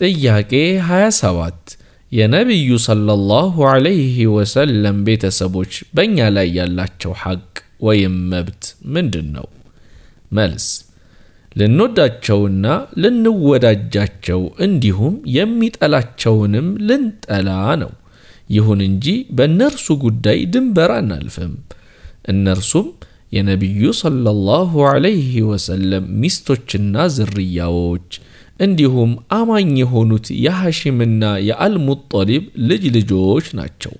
ጥያቄ 27 የነቢዩ ሰለላሁ ዐለይሂ ወሰለም ቤተሰቦች በእኛ ላይ ያላቸው ሐቅ ወይም መብት ምንድን ነው? መልስ ልንወዳቸውና ልንወዳጃቸው እንዲሁም የሚጠላቸውንም ልንጠላ ነው። ይሁን እንጂ በእነርሱ ጉዳይ ድንበር አናልፍም። እነርሱም የነቢዩ ሰለላሁ ዐለይሂ ወሰለም ሚስቶችና ዝርያዎች እንዲሁም አማኝ የሆኑት የሐሺምና የአልሙጠሊብ ልጅ ልጆች ናቸው።